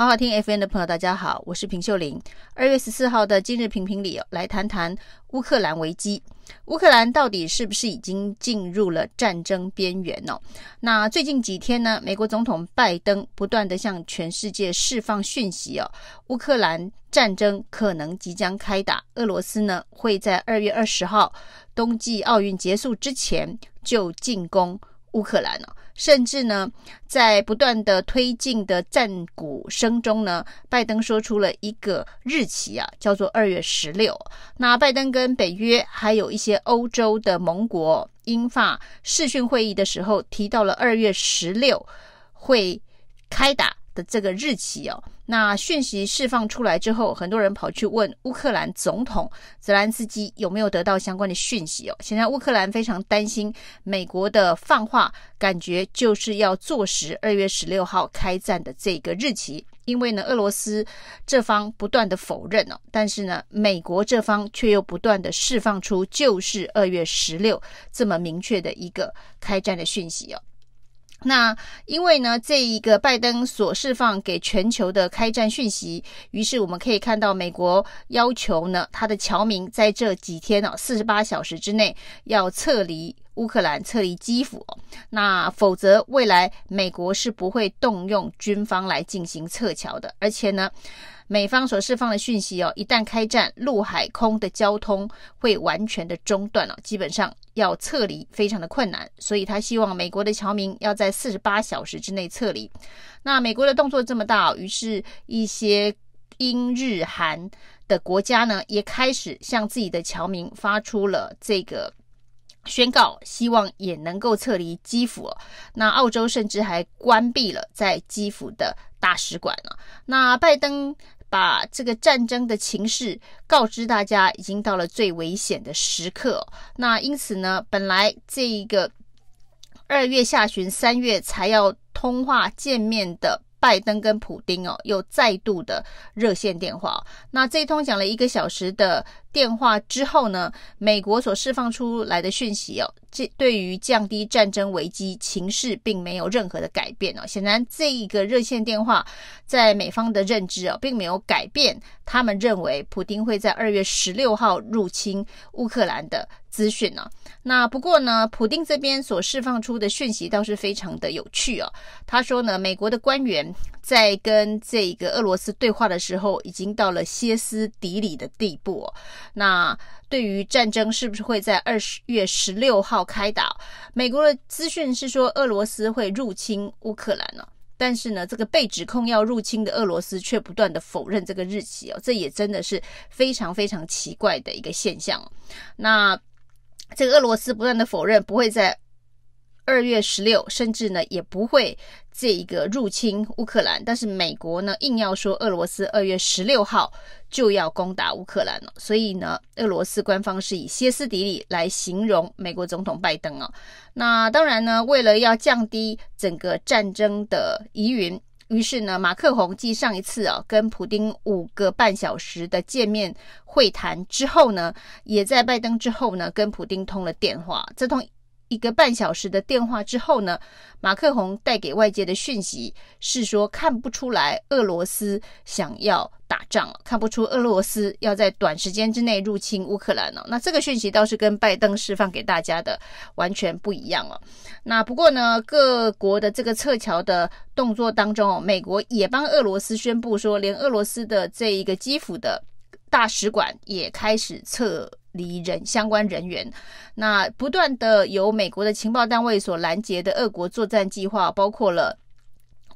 好好聽 FM 的朋友，大家好，我是平秀琳。二月十四號的今日評評理，來談談烏克蘭危機。烏克蘭到底是不是已經進入了戰爭邊緣呢？那最近幾天呢，美國總統拜登不斷地向全世界釋放訊息哦，烏克蘭戰爭可能即將開打，俄羅斯呢會在二月二十號冬季奧運結束之前就進攻烏克蘭了。甚至呢，在不斷的推進的戰鼓聲中呢，拜登說出了一個日期啊，叫做二月十六。那拜登跟北約還有一些歐洲的盟國英法視訊會議的時候，提到了二月十六會開打。這個日期哦，那訊息釋放出來之後，很多人跑去問烏克蘭總統澤連斯基有沒有得到相關的訊息哦。現在烏克蘭非常擔心美國的放話，感覺就是要坐實二月十六號開戰的這個日期，因為呢，俄羅斯這方不斷的否認哦，但是呢，美國這方卻又不斷的釋放出就是二月十六這麼明確的一個開戰的訊息哦。那因為呢，這一個拜登所釋放給全球的開戰訊息，於是我們可以看到，美國要求呢，他的僑民在這幾天哦、啊，四十八小時之內要撤離烏克蘭，撤離基輔。那否則未來美國是不會動用軍方來進行撤僑的，而且呢。美方所釋放的訊息哦，一旦開戰，陸海空的交通會完全的中斷了哦，基本上要撤離非常的困難，所以他希望美國的僑民要在四十八小時之內撤離。那美國的動作這麼大哦，於是一些英日韓的國家呢，也開始向自己的僑民發出了這個宣告，希望也能夠撤離基輔哦。那澳洲甚至還關閉了在基輔的大使館了哦。那拜登。把這個戰爭的情勢告知大家，已經到了最危險的時刻哦。那因此呢，本來這一個二月下旬，三月才要通話見面的拜登跟普丁哦，又再度的熱線電話。那這一通講了一個小時的。電話之後呢，美國所釋放出來的訊息哦、啊，這對於降低戰爭危機情勢並沒有任何的改變哦、啊。顯然，這一個熱線電話在美方的認知哦、啊，並沒有改變他們認為普丁會在二月十六號入侵烏克蘭的資訊呢、啊。那不過呢，普丁這邊所釋放出的訊息倒是非常的有趣哦、啊。他說呢，美國的官員在跟這個俄羅斯對話的時候，已經到了歇斯底里的地步、啊。那對於戰爭是不是會在二月十六號開打？美國的資訊是說俄羅斯會入侵烏克蘭呢、哦，但是呢，這個被指控要入侵的俄羅斯卻不斷的否認這個日期哦，這也真的是非常非常奇怪的一個現象。那這個俄羅斯不斷的否認不會在。二月十六，甚至呢也不會這一個入侵烏克蘭，但是美國呢硬要說俄羅斯二月十六號就要攻打烏克蘭了，所以呢，俄羅斯官方是以歇斯底里來形容美國總統拜登啊。那當然呢，為了要降低整個戰爭的疑雲，於是呢，馬克宏繼上一次啊跟普丁五個半小時的見面會談之後呢，也在拜登之後呢跟普丁通了電話，這通。一個半小時的電話之後呢，馬克宏帶給外界的訊息是說，看不出來俄羅斯想要打仗了，看不出俄羅斯要在短時間之內入侵烏克蘭了。那這個訊息倒是跟拜登釋放給大家的完全不一樣了。那不過呢，各國的這個撤僑的動作當中哦，美國也幫俄羅斯宣布說，連俄羅斯的這一個基輔的。大使館也開始撤離人相關人員。那不斷地由美國的情報單位所攔截的俄國作戰計劃，包括了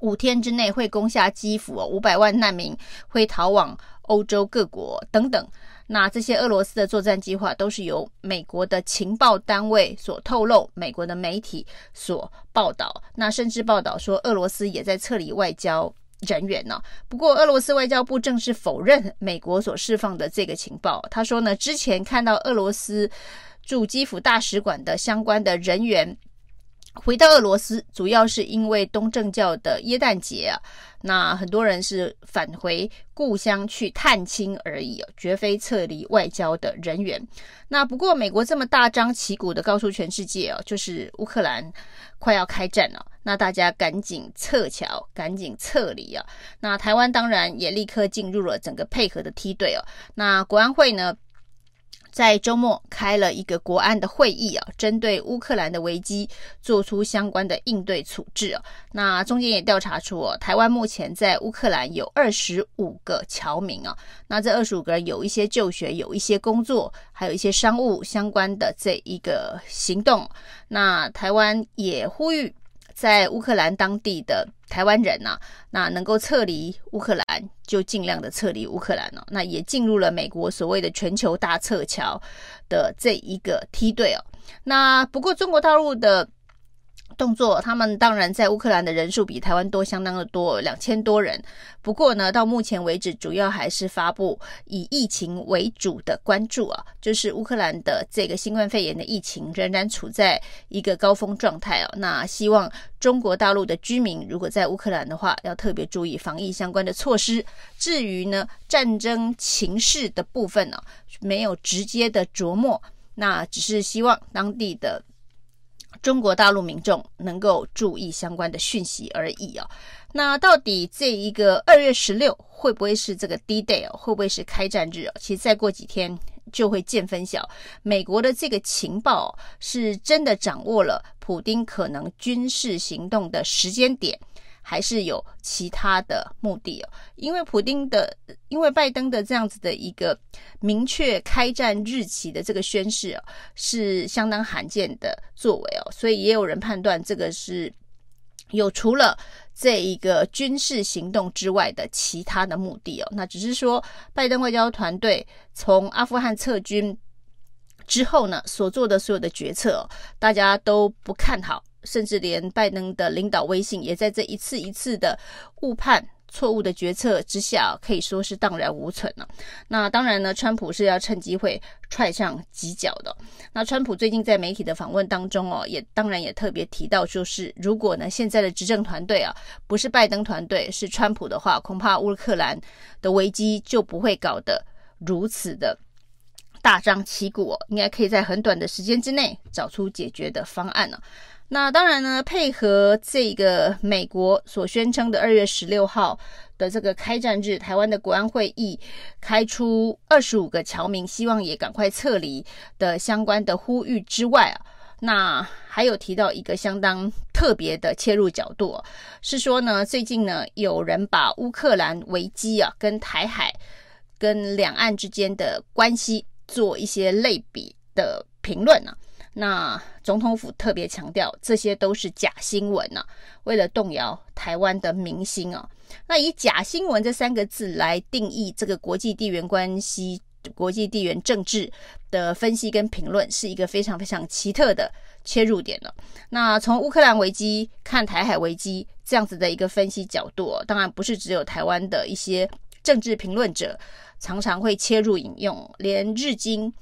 五天之內會攻下基輔，五百萬難民會逃往歐洲各國等等。那這些俄羅斯的作戰計劃都是由美國的情報單位所透露，美國的媒體所報道。那甚至報道說，俄羅斯也在撤離外交。人員呢、啊，不過俄羅斯外交部正式否認美國所釋放的這個情報。他說呢，之前看到俄羅斯駐基輔大使館的相關的人員。回到俄羅斯，主要是因為東正教的耶誕節啊，那很多人是返回故鄉去探親而已啊，絕非撤離外交的人員。那不過，美國這麼大張旗鼓地告訴全世界哦啊，就是烏克蘭快要開戰了啊，那大家趕緊撤僑，趕緊撤離啊，那台灣當然也立刻進入了整個配合的梯隊哦啊。那國安會呢？在周末開了一個國安的會議啊，針對烏克蘭的危機做出相關的應對處置啊。那中間也調查出啊，台灣目前在烏克蘭有二十五個僑民啊。那這二十五個人有一些就學，有一些工作，還有一些商務相關的這一個行動。那台灣也呼籲在烏克蘭當地的。台灣人吶、啊，那能夠撤離烏克蘭，就盡量的撤離烏克蘭了、哦。那也進入了美國所謂的全球大撤僑的這一個梯隊哦。那不過中國大陸的。動作，他們當然在烏克蘭的人數比台灣多，相當的多，兩千多人。不過呢，到目前為止，主要還是發布以疫情為主的關注啊，就是烏克蘭的這個新冠肺炎的疫情仍然處在一個高峰狀態哦、啊。那希望中國大陸的居民如果在烏克蘭的話，要特別注意防疫相關的措施。至於呢，戰爭情勢的部分呢、啊，沒有直接的著墨，那只是希望當地的。中國大陸民眾能夠注意相關的訊息而已啊。那到底這一個二月十六會不會是這個 D day，會不會是開戰日啊？其實再過幾天就會見分曉。美國的這個情報是真的掌握了普丁可能軍事行動的時間點，還是有其他的目的哦，因為普丁的、因為拜登的這樣子的一個明確開戰日期的這個宣示哦，是相當罕見的作為哦，所以也有人判斷這個是有除了這一個軍事行動之外的其他的目的哦。那只是說，拜登外交團隊從阿富汗撤軍之後呢，所做的所有的決策哦，大家都不看好。甚至連拜登的領導威信也在這一次一次的誤判、錯誤的決策之下啊，可以說是蕩然無存了啊。那當然呢，川普是要趁機會踹上幾腳的。那川普最近在媒體的訪問當中哦，啊，也當然也特別提到，就是如果呢現在的執政團隊啊不是拜登團隊，是川普的話，恐怕烏克蘭的危機就不會搞得如此的大張旗鼓哦，應該可以在很短的時間之內找出解決的方案啊。那當然呢，配合這個美國所宣稱的二月十六號的這個開戰日，台灣的國安會議開出二十五個僑民，希望也趕快撤離的相關的呼籲之外啊，那還有提到一個相當特別的切入角度，是說呢，最近呢有人把烏克蘭危機啊跟台海跟兩岸之間的關係做一些類比的評論呢、啊。那總統府特別強調，這些都是假新聞呢、啊。為了動搖台灣的民心啊，那以假新聞這三個字來定義這個國際地緣關係、國際地緣政治的分析跟評論，是一個非常非常奇特的切入點呢、啊。那從烏克蘭危機看台海危機這樣子的一個分析角度、啊，當然不是只有台灣的一些政治評論者常常會切入引用，連日經。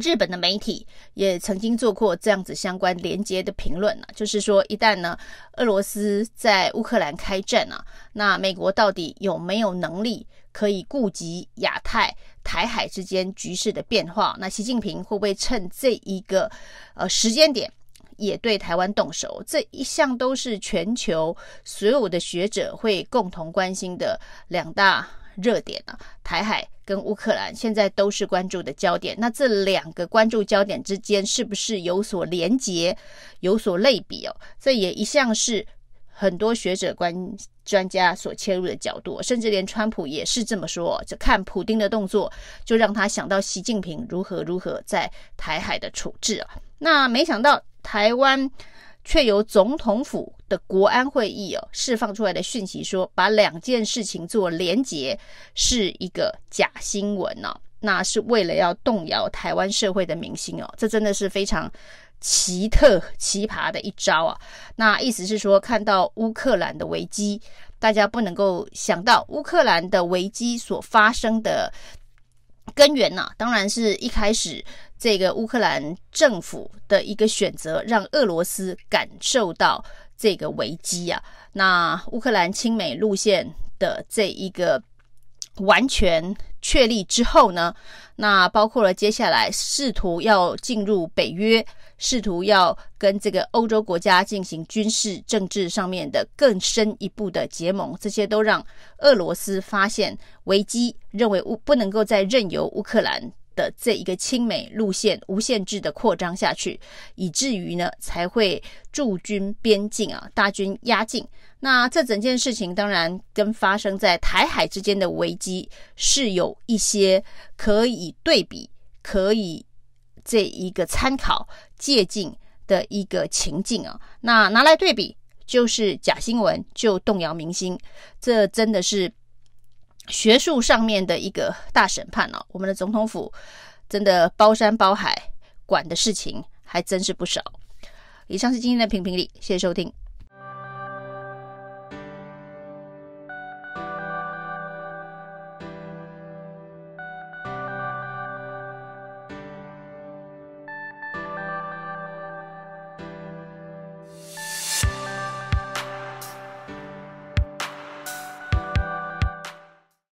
日本的媒體也曾經做過這樣子相關連結的評論呢、啊，就是說，一旦呢俄羅斯在烏克蘭開戰、啊、那美國到底有沒有能力可以顧及亞太、台海之間局勢的變化？那習近平會不會趁這一個呃時間點也對台灣動手？這一向都是全球所有的學者會共同關心的兩大熱點啊，台海跟烏克蘭現在都是關注的焦點。那這兩個關注焦點之間是不是有所連結，有所類比哦？這也一向是很多學者觀、關專家所切入的角度，甚至連川普也是這麼說、哦。就看普丁的動作，就讓他想到習近平如何如何在台海的處置哦、啊，那沒想到台灣。卻由總統府的國安會議哦，釋放出來的訊息說，把兩件事情做連結，是一個假新聞哦，那是為了要動搖台灣社會的民心哦，這真的是非常奇特奇葩的一招啊！那意思是說，看到烏克蘭的危機，大家不能夠想到烏克蘭的危機所發生的根源吶，啊，當然是一開始。這個烏克蘭政府的一個選擇，讓俄羅斯感受到這個危機啊。那烏克蘭親美路線的這一個完全確立之後呢，那包括了接下來試圖要進入北約，試圖要跟這個歐洲國家進行軍事政治上面的更深一步的結盟，這些都讓俄羅斯發現危機，認為烏不能夠再任由烏克蘭的這一個親美路線無限制的擴張下去，以至於呢才會駐軍邊境啊，大軍壓境。那這整件事情當然跟發生在台海之間的危機是有一些可以對比、可以這一個參考借鑒的一個情境啊。那拿來對比，就是假新聞就動搖民心，這真的是。學術上面的一個大審判哦，我們的總統府真的包山包海，管的事情還真是不少。以上是今天的評評理，謝謝收聽。